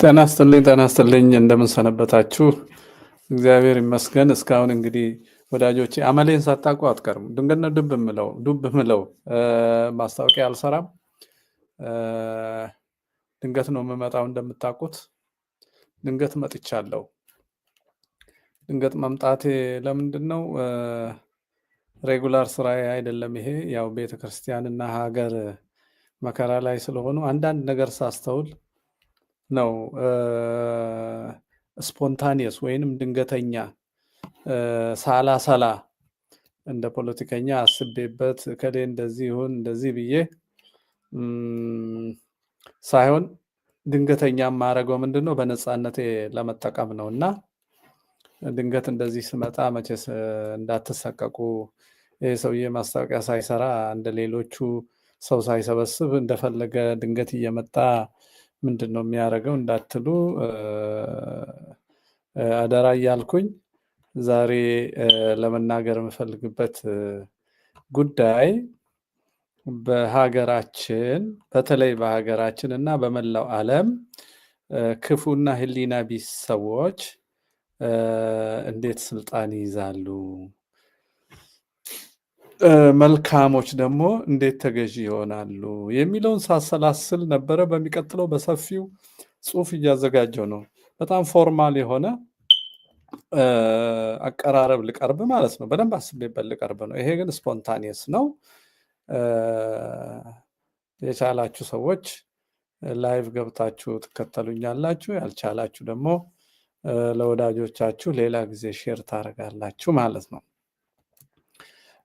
ጤና ስትልኝ ጤና ስትልኝ እንደምንሰነበታችሁ እግዚአብሔር ይመስገን እስካሁን እንግዲህ ወዳጆች አመሌን ሳታውቁ አትቀርም ድንገነ ዱብ ምለው ዱብ ምለው ማስታወቂያ አልሰራም ድንገት ነው የምመጣው እንደምታውቁት ድንገት መጥቻለው ድንገት መምጣቴ ለምንድን ነው ሬጉላር ስራ አይደለም ይሄ ያው ቤተክርስቲያን እና ሀገር መከራ ላይ ስለሆኑ አንዳንድ ነገር ሳስተውል ነው ስፖንታኒየስ ወይንም ድንገተኛ ሳላ ሰላ እንደ ፖለቲከኛ አስቤበት ከሌ እንደዚህ ይሁን እንደዚህ ብዬ ሳይሆን ድንገተኛ ማድረገው ምንድን ነው በነፃነቴ ለመጠቀም ነው እና ድንገት እንደዚህ ስመጣ መቼስ እንዳትሰቀቁ ይህ ሰውዬ ማስታወቂያ ሳይሰራ እንደ ሌሎቹ ሰው ሳይሰበስብ እንደፈለገ ድንገት እየመጣ ምንድን ነው የሚያደርገው እንዳትሉ አደራ እያልኩኝ ዛሬ ለመናገር የምፈልግበት ጉዳይ በሀገራችን በተለይ በሀገራችን እና በመላው ዓለም ክፉና ሕሊና ቢስ ሰዎች እንዴት ስልጣን ይይዛሉ መልካሞች ደግሞ እንዴት ተገዢ ይሆናሉ የሚለውን ሳሰላስል ነበረ። በሚቀጥለው በሰፊው ጽሑፍ እያዘጋጀው ነው። በጣም ፎርማል የሆነ አቀራረብ ልቀርብ ማለት ነው። በደንብ አስቤበት ልቀርብ ነው። ይሄ ግን ስፖንታኒየስ ነው። የቻላችሁ ሰዎች ላይቭ ገብታችሁ ትከተሉኛላችሁ። ያልቻላችሁ ደግሞ ለወዳጆቻችሁ ሌላ ጊዜ ሼር ታደርጋላችሁ ማለት ነው።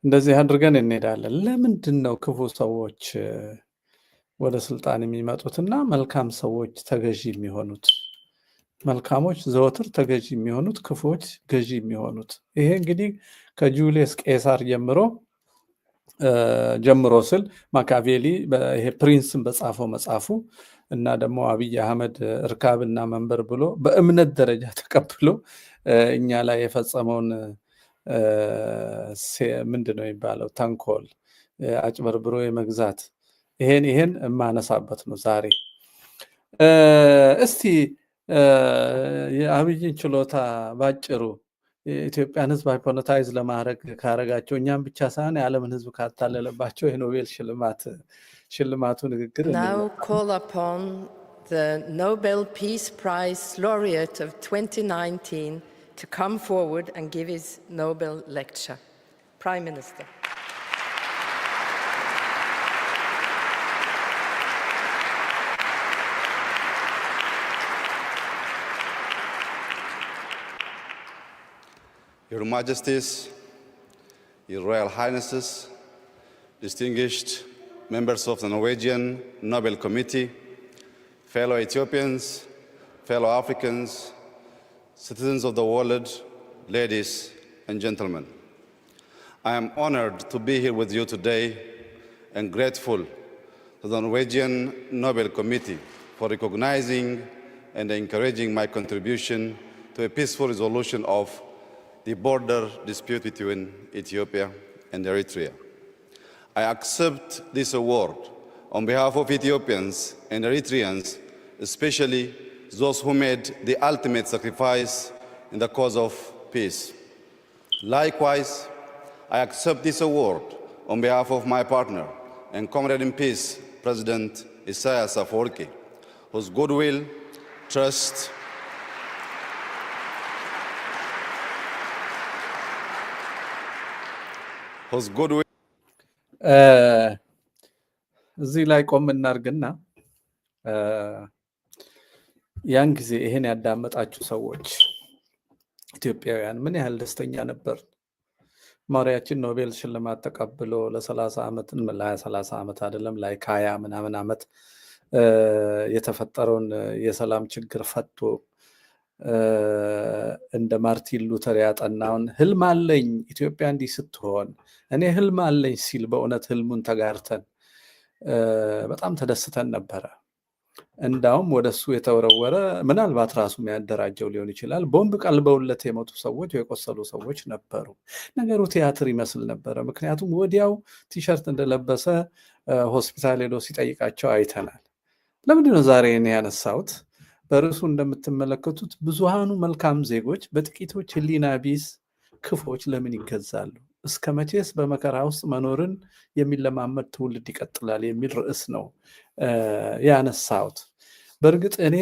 እንደዚህ አድርገን እንሄዳለን። ለምንድን ነው ክፉ ሰዎች ወደ ስልጣን የሚመጡትና መልካም ሰዎች ተገዢ የሚሆኑት? መልካሞች ዘወትር ተገዢ የሚሆኑት፣ ክፉዎች ገዢ የሚሆኑት። ይሄ እንግዲህ ከጁልየስ ቄሳር ጀምሮ ጀምሮ ስል ማካቬሊ ይሄ ፕሪንስን በጻፈው መጽሐፉ እና ደግሞ አብይ አህመድ እርካብና መንበር ብሎ በእምነት ደረጃ ተቀብሎ እኛ ላይ የፈጸመውን ምንድን ነው የሚባለው ተንኮል፣ አጭበርብሮ የመግዛት ይሄን ይሄን የማነሳበት ነው ዛሬ። እስቲ የአብይን ችሎታ ባጭሩ የኢትዮጵያን ህዝብ ሃይፖኖታይዝ ለማድረግ ካረጋቸው እኛም ብቻ ሳይሆን የዓለምን ህዝብ ካታለለባቸው የኖቤል ሽልማት ሽልማቱ ንግግር ናው call upon the Nobel Peace Prize laureate 2019 to come forward and give his Nobel lecture. Prime Minister. Your Majesties, Your Royal Highnesses, distinguished members of the Norwegian Nobel Committee, fellow Ethiopians, fellow Africans, citizens of the world, ladies and gentlemen. I am honored to be here with you today and grateful to the Norwegian Nobel Committee for recognizing and encouraging my contribution to a peaceful resolution of the border dispute between Ethiopia and Eritrea. I accept this award on behalf of Ethiopians and Eritreans, especially those who made the ultimate sacrifice in the cause of peace. Likewise, I accept this award on behalf of my partner and comrade in peace, President Isaiah Saforki, whose goodwill, trust, whose goodwill uh, እዚህ ላይ ቆም እናርግና uh, ያን ጊዜ ይሄን ያዳመጣችሁ ሰዎች ኢትዮጵያውያን ምን ያህል ደስተኛ ነበር? ማሪያችን ኖቤል ሽልማት ተቀብሎ ለሰላሳ ዓመት ለሰላሳ ዓመት አይደለም ላይ ከሀያ ምናምን ዓመት የተፈጠረውን የሰላም ችግር ፈቶ እንደ ማርቲን ሉተር ያጠናውን ህልም አለኝ ኢትዮጵያ እንዲህ ስትሆን እኔ ህልም አለኝ ሲል በእውነት ህልሙን ተጋርተን በጣም ተደስተን ነበረ። እንዳውም ወደ የተወረወረ ምናልባት ራሱ የሚያደራጀው ሊሆን ይችላል። ቦምብ ቀልበውለት የሞቱ ሰዎች የቆሰሉ ሰዎች ነበሩ። ነገሩ ቲያትር ይመስል ነበረ። ምክንያቱም ወዲያው ቲሸርት እንደለበሰ ሆስፒታል ሄዶ ሲጠይቃቸው አይተናል። ነው ዛሬ እኔ ያነሳሁት? በርዕሱ እንደምትመለከቱት ብዙሃኑ መልካም ዜጎች በጥቂቶች ሕሊና ቢስ ክፎች ለምን ይገዛሉ? እስከ መቼስ በመከራ ውስጥ መኖርን የሚለማመድ ትውልድ ይቀጥላል የሚል ርዕስ ነው ያነሳሁት። በእርግጥ እኔ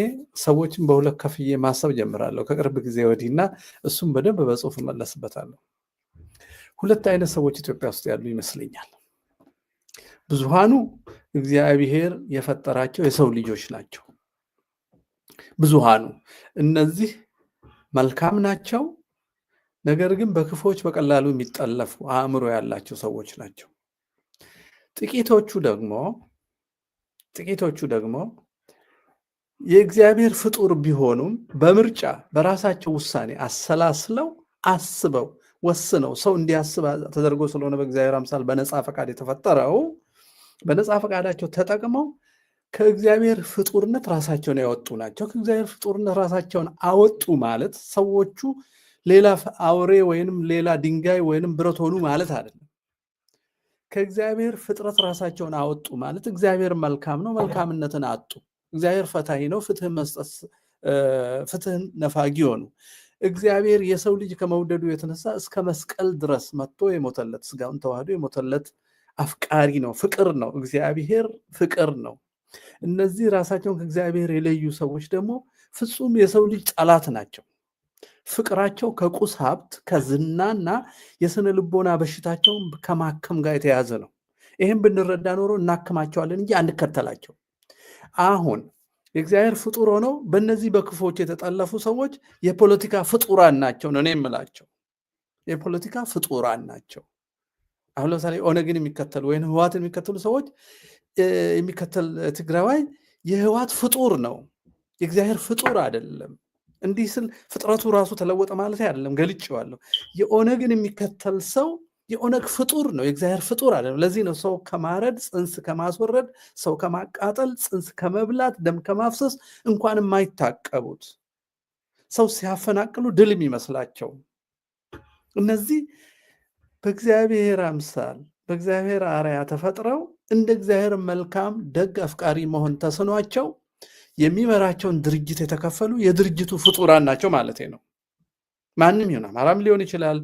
ሰዎችን በሁለት ከፍዬ ማሰብ ጀምራለሁ ከቅርብ ጊዜ ወዲህ እና እሱም በደንብ በጽሁፍ መለስበታለሁ። ሁለት አይነት ሰዎች ኢትዮጵያ ውስጥ ያሉ ይመስለኛል። ብዙሃኑ እግዚአብሔር የፈጠራቸው የሰው ልጆች ናቸው። ብዙሃኑ እነዚህ መልካም ናቸው፣ ነገር ግን በክፎች በቀላሉ የሚጠለፉ አእምሮ ያላቸው ሰዎች ናቸው። ጥቂቶቹ ደግሞ ጥቂቶቹ ደግሞ የእግዚአብሔር ፍጡር ቢሆኑም በምርጫ በራሳቸው ውሳኔ አሰላስለው አስበው ወስነው ሰው እንዲያስብ ተደርጎ ስለሆነ በእግዚአብሔር አምሳል በነፃ ፈቃድ የተፈጠረው በነፃ ፈቃዳቸው ተጠቅመው ከእግዚአብሔር ፍጡርነት ራሳቸውን ያወጡ ናቸው። ከእግዚአብሔር ፍጡርነት ራሳቸውን አወጡ ማለት ሰዎቹ ሌላ አውሬ ወይንም ሌላ ድንጋይ ወይንም ብረት ሆኑ ማለት አይደለም። ከእግዚአብሔር ፍጥረት ራሳቸውን አወጡ ማለት እግዚአብሔር መልካም ነው፣ መልካምነትን አጡ። እግዚአብሔር ፈታኝ ነው፣ ፍትህ መስጠት ፍትህን ነፋጊ ነው። እግዚአብሔር የሰው ልጅ ከመውደዱ የተነሳ እስከ መስቀል ድረስ መጥቶ የሞተለት ስጋውን ተዋህዶ የሞተለት አፍቃሪ ነው፣ ፍቅር ነው። እግዚአብሔር ፍቅር ነው። እነዚህ ራሳቸውን ከእግዚአብሔር የለዩ ሰዎች ደግሞ ፍጹም የሰው ልጅ ጠላት ናቸው። ፍቅራቸው ከቁስ ሀብት ከዝናና የስነ ልቦና በሽታቸውን ከማከም ጋር የተያያዘ ነው። ይህም ብንረዳ ኖሮ እናክማቸዋለን እንጂ አንከተላቸው። አሁን የእግዚአብሔር ፍጡር ሆነው በእነዚህ በክፎች የተጠለፉ ሰዎች የፖለቲካ ፍጡራን ናቸው ነው እኔ የምላቸው። የፖለቲካ ፍጡራን ናቸው። አሁን ለምሳሌ ኦነግን የሚከተሉ ወይም ህዋትን የሚከተሉ ሰዎች የሚከተል ትግራዋይ የህዋት ፍጡር ነው፣ የእግዚአብሔር ፍጡር አይደለም። እንዲህ ስል ፍጥረቱ ራሱ ተለወጠ ማለት አይደለም፣ ገልጬዋለሁ። የኦነግን የሚከተል ሰው የኦነግ ፍጡር ነው፣ የእግዚአብሔር ፍጡር አለ። ለዚህ ነው ሰው ከማረድ ጽንስ ከማስወረድ ሰው ከማቃጠል ጽንስ ከመብላት ደም ከማፍሰስ እንኳን የማይታቀቡት ሰው ሲያፈናቅሉ ድል የሚመስላቸው እነዚህ በእግዚአብሔር አምሳል በእግዚአብሔር አርያ ተፈጥረው እንደ እግዚአብሔር መልካም ደግ አፍቃሪ መሆን ተስኗቸው የሚመራቸውን ድርጅት የተከፈሉ የድርጅቱ ፍጡራን ናቸው ማለት ነው። ማንም ይሁን አማራም ሊሆን ይችላል።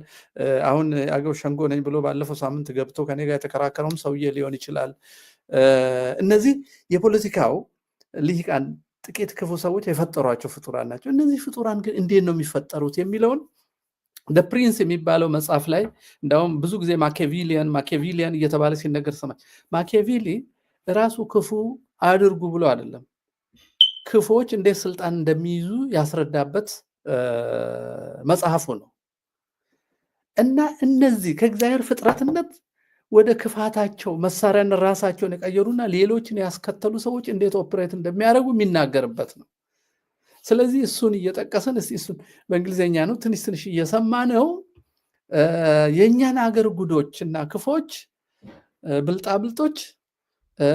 አሁን አገው ሸንጎ ነኝ ብሎ ባለፈው ሳምንት ገብቶ ከኔ ጋር የተከራከረውም ሰውዬ ሊሆን ይችላል። እነዚህ የፖለቲካው ልሂቃን ጥቂት ክፉ ሰዎች የፈጠሯቸው ፍጡራን ናቸው። እነዚህ ፍጡራን ግን እንዴት ነው የሚፈጠሩት የሚለውን ደ ፕሪንስ የሚባለው መጽሐፍ ላይ እንዲሁም ብዙ ጊዜ ማኬቪሊያን ማኬቪሊያን እየተባለ ሲነገር ሰማች። ማኬቪሊ ራሱ ክፉ አድርጉ ብሎ አይደለም ክፉዎች እንዴት ስልጣን እንደሚይዙ ያስረዳበት መጽሐፉ ነው እና እነዚህ ከእግዚአብሔር ፍጥረትነት ወደ ክፋታቸው መሳሪያን ራሳቸውን የቀየሩና ሌሎችን ያስከተሉ ሰዎች እንዴት ኦፕሬት እንደሚያደርጉ የሚናገርበት ነው። ስለዚህ እሱን እየጠቀስን እስኪ እሱን በእንግሊዝኛ ነው ትንሽ ትንሽ እየሰማነው የእኛን አገር ጉዶች እና ክፎች ብልጣብልጦች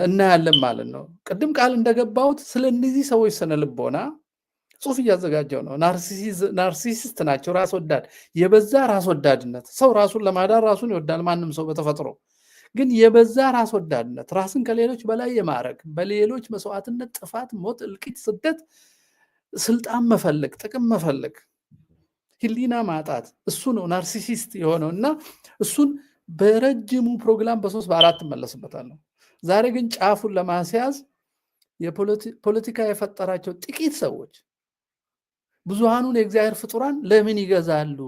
እናያለን ማለት ነው። ቅድም ቃል እንደገባሁት ስለ እነዚህ ሰዎች ስነ ልቦና ጽሁፍ እያዘጋጀው ነው። ናርሲሲስት ናቸው፣ ራስ ወዳድ፣ የበዛ ራስ ወዳድነት። ሰው ራሱን ለማዳር ራሱን ይወዳል፣ ማንም ሰው በተፈጥሮ ግን የበዛ ራስ ወዳድነት፣ ራስን ከሌሎች በላይ የማድረግ በሌሎች መስዋዕትነት፣ ጥፋት፣ ሞት፣ እልቂት፣ ስደት፣ ስልጣን መፈለግ፣ ጥቅም መፈለግ፣ ህሊና ማጣት፣ እሱ ነው ናርሲሲስት የሆነው እና እሱን በረጅሙ ፕሮግራም በሶስት በአራት እመለስበታለሁ። ዛሬ ግን ጫፉን ለማስያዝ የፖለቲካ የፈጠራቸው ጥቂት ሰዎች ብዙሃኑን የእግዚአብሔር ፍጡራን ለምን ይገዛሉ?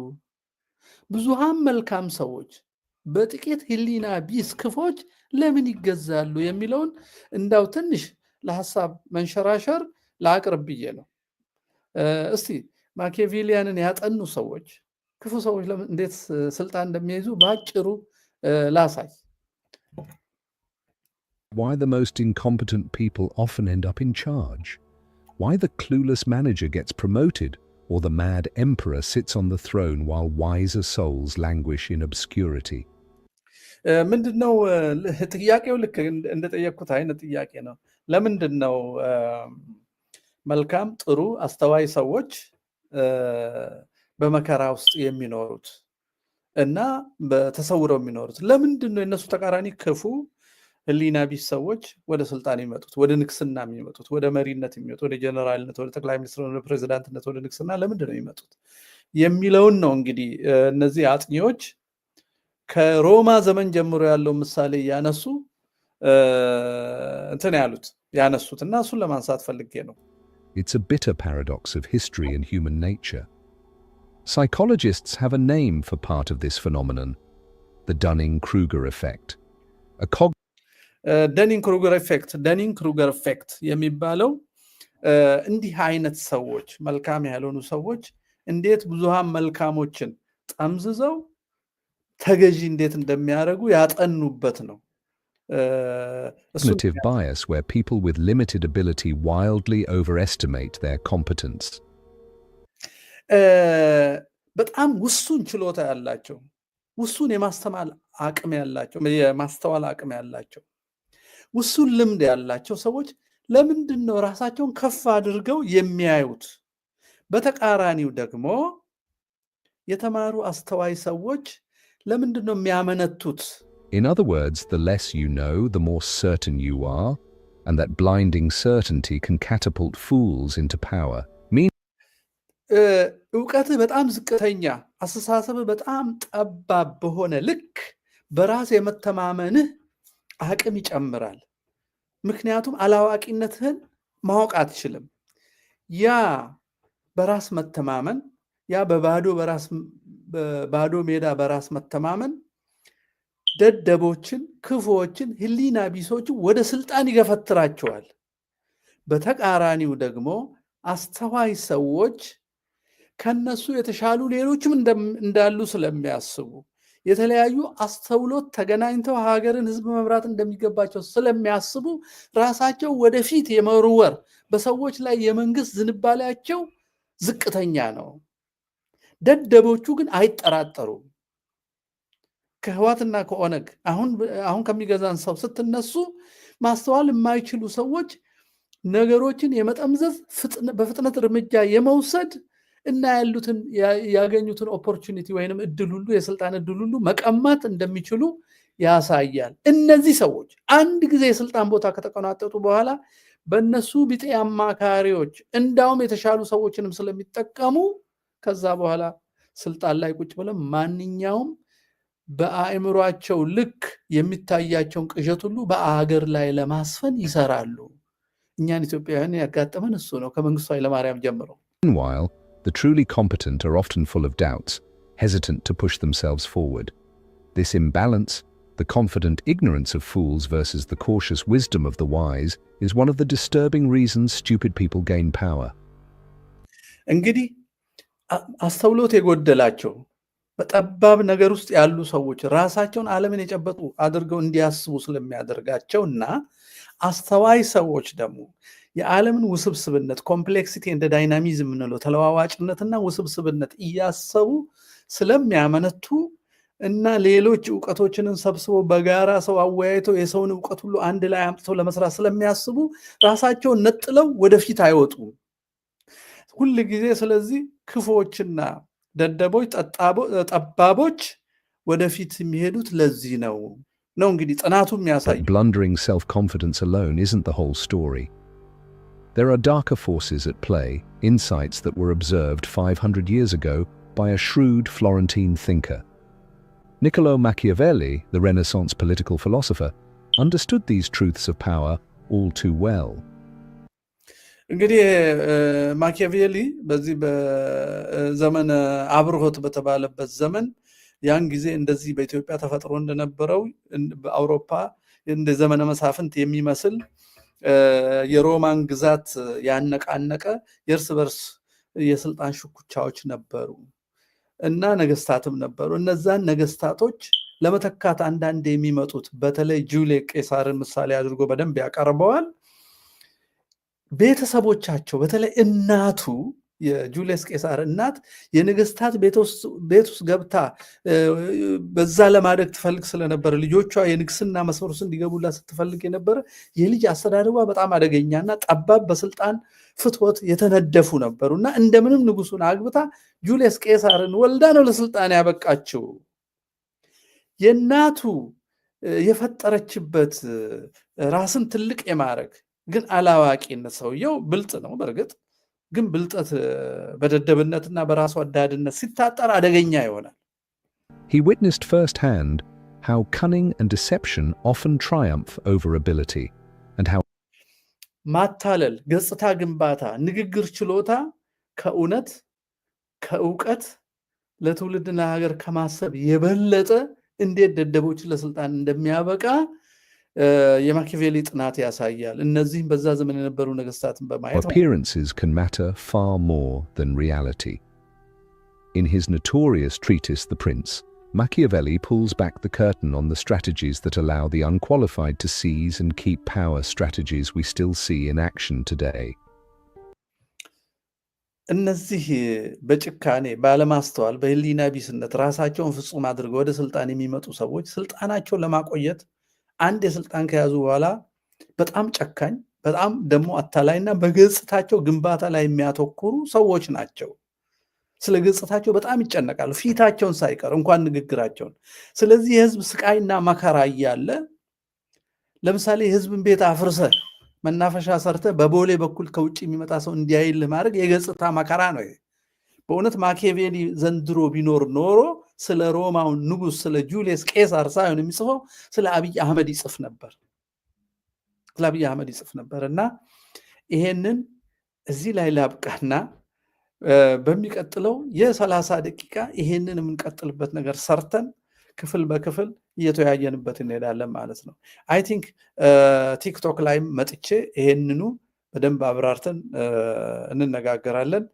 ብዙሃን መልካም ሰዎች በጥቂት ህሊና ቢስ ክፎች ለምን ይገዛሉ የሚለውን እንዳው ትንሽ ለሀሳብ መንሸራሸር ለአቅርብ ብዬ ነው። እስቲ ማኬቪሊያንን ያጠኑ ሰዎች ክፉ ሰዎች እንዴት ስልጣን እንደሚይዙ በአጭሩ ላሳይ። Why the most incompetent people often end up in charge. why the clueless manager gets promoted or the mad emperor sits on the throne while wiser souls languish in obscurity. Uh, ምንድን uh, ጥያቄው? ልክ እንደጠየቅኩት አይነት ጥያቄ ነው። ለምንድን ነው um, መልካም፣ ጥሩ፣ አስተዋይ ሰዎች uh, በመከራ ውስጥ የሚኖሩት እና ተሰውረው የሚኖሩት? ለምንድን ነው የእነሱ ተቃራኒ ክፉ ህሊና ቢስ ሰዎች ወደ ስልጣን የሚመጡት ወደ ንግስና የሚመጡት ወደ መሪነት የሚመጡት ወደ ጀነራልነት፣ ወደ ጠቅላይ ሚኒስትር፣ ወደ ፕሬዚዳንትነት፣ ወደ ንግስና ለምንድን ነው የሚመጡት የሚለውን ነው እንግዲህ እነዚህ አጥኚዎች ከሮማ ዘመን ጀምሮ ያለው ምሳሌ እያነሱ እንትን ያሉት ያነሱት እና እሱን ለማንሳት ፈልጌ ነው። It's a bitter paradox of history and human nature. Psychologists have a name for part of this phenomenon, the Dunning-Kruger effect. A cog ደኒን ክሩገር ኤፌክት ደኒን ክሩገር ኤፌክት የሚባለው እንዲህ አይነት ሰዎች መልካም ያልሆኑ ሰዎች እንዴት ብዙሃን መልካሞችን ጠምዝዘው ተገዢ እንዴት እንደሚያደርጉ ያጠኑበት ነው። Cognitive bias where people with limited ability wildly overestimate their competence. በጣም ውሱን ችሎታ ያላቸው ውሱን የማስተማል አቅም ያላቸው የማስተዋል አቅም ያላቸው ውሱን ልምድ ያላቸው ሰዎች ለምንድን ነው ራሳቸውን ከፍ አድርገው የሚያዩት? በተቃራኒው ደግሞ የተማሩ አስተዋይ ሰዎች ለምንድን ነው የሚያመነቱት? In other words, the less you know, the more certain you are, and that blinding certainty can catapult fools into power. እውቀትህ በጣም ዝቅተኛ፣ አስተሳሰብህ በጣም ጠባብ በሆነ ልክ በራስ የመተማመንህ አቅም ይጨምራል። ምክንያቱም አላዋቂነትህን ማወቅ አትችልም። ያ በራስ መተማመን ያ በባዶ በራስ ባዶ ሜዳ በራስ መተማመን ደደቦችን፣ ክፉዎችን፣ ህሊና ቢሶችን ወደ ስልጣን ይገፈትራቸዋል። በተቃራኒው ደግሞ አስተዋይ ሰዎች ከነሱ የተሻሉ ሌሎችም እንዳሉ ስለሚያስቡ የተለያዩ አስተውሎት ተገናኝተው ሀገርን፣ ህዝብ መምራት እንደሚገባቸው ስለሚያስቡ ራሳቸው ወደፊት የመወርወር በሰዎች ላይ የመንግስት ዝንባሌያቸው ዝቅተኛ ነው። ደደቦቹ ግን አይጠራጠሩም። ከህዋትና ከኦነግ አሁን ከሚገዛን ሰው ስትነሱ ማስተዋል የማይችሉ ሰዎች ነገሮችን የመጠምዘዝ በፍጥነት እርምጃ የመውሰድ እና ያሉትን ያገኙትን ኦፖርቹኒቲ ወይም እድል ሁሉ የስልጣን እድል ሁሉ መቀማት እንደሚችሉ ያሳያል። እነዚህ ሰዎች አንድ ጊዜ የስልጣን ቦታ ከተቀናጠጡ በኋላ በእነሱ ቢጤ አማካሪዎች እንዳውም የተሻሉ ሰዎችንም ስለሚጠቀሙ ከዛ በኋላ ስልጣን ላይ ቁጭ ብለን ማንኛውም በአእምሯቸው ልክ የሚታያቸውን ቅዠት ሁሉ በአገር ላይ ለማስፈን ይሰራሉ። እኛን ኢትዮጵያውያን ያጋጠመን እሱ ነው ከመንግስቱ ኃይለማርያም ጀምሮ The truly competent are often full of doubts, hesitant to push themselves forward. This imbalance, the confident ignorance of fools versus the cautious wisdom of the wise, is one of the disturbing reasons stupid people gain power. እንግዲህ አስተውሎት የጎደላቸው በጠባብ ነገር ውስጥ ያሉ ሰዎች ራሳቸውን ዓለምን የጨበጡ አድርገው እንዲያስቡ ስለሚያደርጋቸው እና አስተዋይ ሰዎች ደግሞ የዓለምን ውስብስብነት ኮምፕሌክሲቲ እንደ ዳይናሚዝም የምንለው ተለዋዋጭነትና ውስብስብነት እያሰቡ ስለሚያመነቱ እና ሌሎች እውቀቶችንን ሰብስበው በጋራ ሰው አወያይተው የሰውን እውቀት ሁሉ አንድ ላይ አምጥተው ለመስራት ስለሚያስቡ ራሳቸውን ነጥለው ወደፊት አይወጡም። ሁል ጊዜ ስለዚህ ክፎችና ደደቦች፣ ጠባቦች ወደፊት የሚሄዱት ለዚህ ነው ነው እንግዲህ ጥናቱ የሚያሳይ There are darker forces at play, insights that were observed 500 years ago by a shrewd Florentine thinker. Niccolo Machiavelli, the Renaissance political philosopher, understood these truths of power all too well. እንግዲህ ማኪያቬሊ በዚህ በዘመነ አብርሆት በተባለበት ዘመን ያን ጊዜ እንደዚህ በኢትዮጵያ ተፈጥሮ እንደነበረው በአውሮፓ እንደ ዘመነ መሳፍንት የሚመስል የሮማን ግዛት ያነቃነቀ የእርስ በርስ የስልጣን ሽኩቻዎች ነበሩ እና ነገስታትም ነበሩ። እነዛን ነገስታቶች ለመተካት አንዳንድ የሚመጡት በተለይ ጁሌ ቄሳርን ምሳሌ አድርጎ በደንብ ያቀርበዋል። ቤተሰቦቻቸው በተለይ እናቱ የጁልየስ ቄሳር እናት የንግስታት ቤት ውስጥ ገብታ በዛ ለማደግ ትፈልግ ስለነበረ ልጆቿ የንግስና መስመር ውስጥ ስትፈልግ የነበረ የልጅ አስተዳደቧ በጣም አደገኛና ጠባብ በስልጣን ፍትወት የተነደፉ ነበሩ እና እንደምንም ንጉሱን አግብታ ጁልየስ ቄሳርን ወልዳ ነው ለስልጣን ያበቃችው። የእናቱ የፈጠረችበት ራስን ትልቅ የማድረግ ግን አላዋቂነት ሰውየው ብልጥ ነው በእርግጥ ግን ብልጠት በደደብነትና በራሱ አዳድነት ሲታጠር አደገኛ ይሆናል። He witnessed firsthand how cunning and deception often triumph over ability and how ማታለል፣ ገጽታ ግንባታ፣ ንግግር ችሎታ ከእውነት ከእውቀት ለትውልድና ሀገር ከማሰብ የበለጠ እንዴት ደደቦችን ለስልጣን እንደሚያበቃ የማኪያቬሊ ጥናት ያሳያል። እነዚህም በዛ ዘመን የነበሩ ነገስታትን በማየት appearances can matter far more than reality. In his notorious treatise The Prince, Machiavelli pulls back the curtain on the strategies that allow the unqualified to seize and keep power strategies we still see in action today. እነዚህ በጭካኔ ባለማስተዋል፣ በህሊና ቢስነት ራሳቸውን ፍጹም አድርገው ወደ ስልጣን የሚመጡ ሰዎች ስልጣናቸውን ለማቆየት አንድ የስልጣን ከያዙ በኋላ በጣም ጨካኝ በጣም ደግሞ አታላይ እና በገጽታቸው ግንባታ ላይ የሚያተኩሩ ሰዎች ናቸው። ስለ ገጽታቸው በጣም ይጨነቃሉ፣ ፊታቸውን ሳይቀር እንኳን ንግግራቸውን። ስለዚህ የህዝብ ስቃይና መከራ እያለ ለምሳሌ የህዝብን ቤት አፍርሰ መናፈሻ ሰርተ በቦሌ በኩል ከውጭ የሚመጣ ሰው እንዲያይል ማድረግ የገጽታ መከራ ነው። በእውነት ማኬቬሊ ዘንድሮ ቢኖር ኖሮ ስለ ሮማው ንጉስ ስለ ጁልየስ ቄሳር ሳይሆን የሚጽፈው ስለ አብይ አህመድ ይጽፍ ነበር ስለ አብይ አህመድ ይጽፍ ነበር እና ይሄንን እዚህ ላይ ላብቃና በሚቀጥለው የሰላሳ ደቂቃ ይሄንን የምንቀጥልበት ነገር ሰርተን ክፍል በክፍል እየተወያየንበት እንሄዳለን ማለት ነው። አይ ቲንክ ቲክቶክ ላይም መጥቼ ይሄንኑ በደንብ አብራርተን እንነጋገራለን።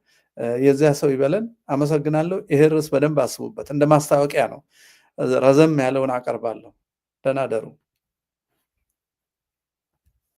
የዚያ ሰው ይበለን። አመሰግናለሁ። ይሄ ርዕስ በደንብ አስቡበት። እንደ ማስታወቂያ ነው። ረዘም ያለውን አቀርባለሁ። ደህና ደሩ።